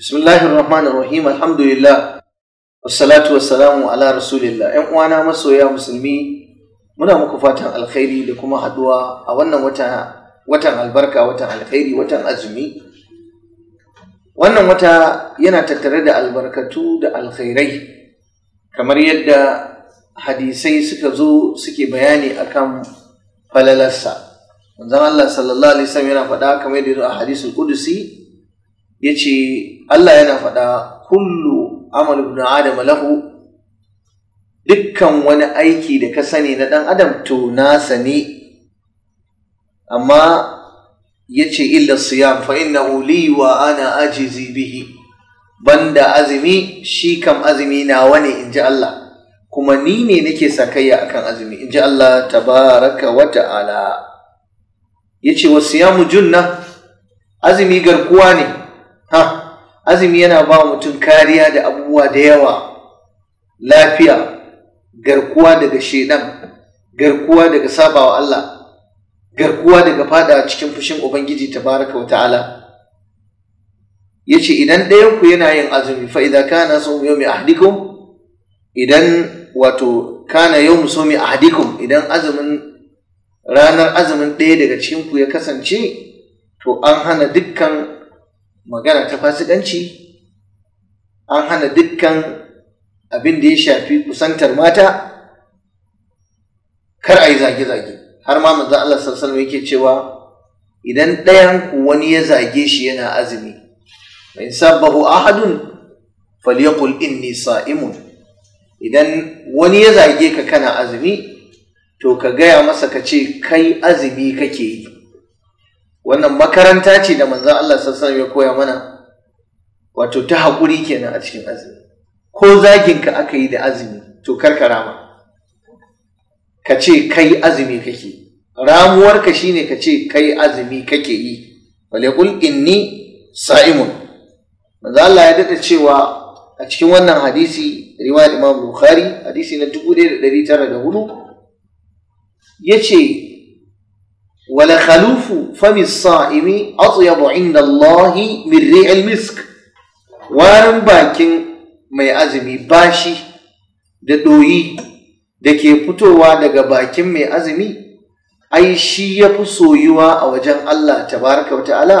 Bismillahir Rahmanir Rahim Alhamdulillah wassalatu wassalamu ala Rasulillah ƴan uwana masoya musulmi muna muku fatan alkhairi da kuma haduwa a wannan wata watan albarka watan alkhairi watan azumi wannan wata yana tattare da albarkatu da alkhairai kamar yadda hadisai suka zo suke bayani akan falalarsa manzon Allah sallallahu alaihi wasallam yana faɗa kamar yadda a hadisul qudusi ya ce Allah yana faɗa kullu amal ibn adam lahu dukkan wani aiki da ka sani na ɗan adam to nasa ne amma ya ce illa siyam fa na li wa ana ajizi bihi banda azumi shi kam azumi nawa ne in ji Allah kuma ni ne nake sakayya akan azumi in ji Allah tabaraka wa ta'ala ya ce wasu ya junna azumi garkuwa ne ha azumi yana ba mutum kariya da abubuwa da yawa lafiya garkuwa daga shedan garkuwa daga sabawa Allah garkuwa daga fada cikin fushin ubangiji tabaraka wa ta'ala yace idan ɗayan ku yana yin azumi fa idza kana sawm yawmi ahdikum idan wato kana yawm sawmi ahdikum idan azumin ranar azumin ɗaya daga cikin ku ya kasance to an hana dukkan magana ta fasikanci an hana dukkan abin da ya shafi kusantar mata kar a yi zage-zage har ma manzo Allah sallallahu yake cewa idan ɗayan wani ya zage shi yana azumi mai a hadun, ahadun falyaqul inni sa'imun idan wani ya zage ka kana azumi to ka gaya masa ka ce kai azumi kake yi wannan makaranta ce da manzan Allah sassan ya koya mana wato ta haƙuri kenan a cikin azumi ko zaginka aka yi da azumi to karka rama ka ce kai azumi kake ramuwarka shine ka ce kai azumi kake yi walekul inni sa'imun manzan Allah ya daɗa cewa a cikin wannan hadisi riwayar Imam Bukhari hadisi na 1904 ce. wala khalufu fami sa'imi atyabu inda Allah min ri'il warin bakin mai azumi bashi da doyi da ke fitowa daga bakin mai azumi ai shi ya fi soyuwa a wajen Allah tabaraka wa ta'ala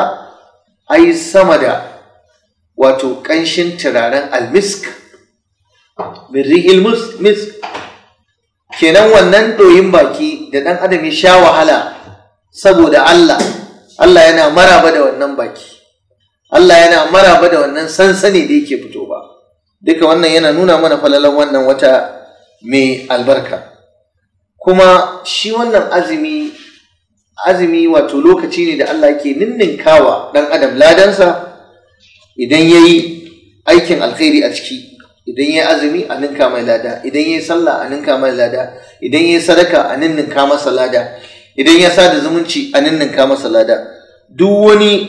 ai sama da wato ƙanshin turaren almisk misk kenan wannan doyin baki da ɗan adam ya sha wahala saboda Allah Allah yana maraba da wannan baki Allah yana maraba da wannan sansani da yake fito ba duka wannan yana nuna mana falalan wannan wata mai albarka kuma shi wannan azumi azumi wato lokaci ne da Allah ke ninninkawa ɗan adam ladansa idan ya yi aikin alkhairi a ciki idan ya azumi a ninka mai lada idan ya yi sallah a ninka mai lada idan ya yi sadaka a ninninka masa lada idan ya sa da zumunci a ninninka masa lada duk wani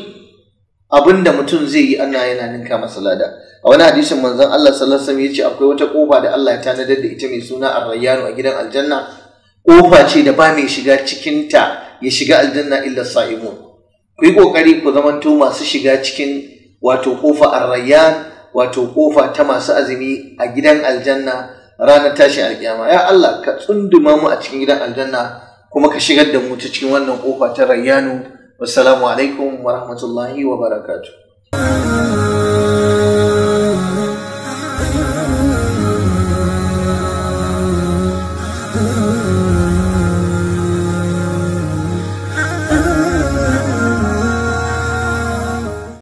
abin da mutum zai yi ana yana ninka masa lada a wani hadisin manzon Allah sallallahu alaihi wasallam yace akwai wata kofa da Allah ya tanadar da ita mai suna Ar-Rayyanu a gidan aljanna kofa ce da ba mai shiga cikin ta ya shiga aljanna illa sa'imun ku yi kokari ku zamanto masu shiga cikin wato kofa Ar-Rayyan wato kofa ta masu azumi a gidan aljanna ranar tashin alkiyama ya Allah ka tsunduma mu a cikin gidan aljanna kuma ka shigar da mu ta cikin wannan kofa ta rayyanu wassalamu alaikum wa rahmatullahi wa barakatuh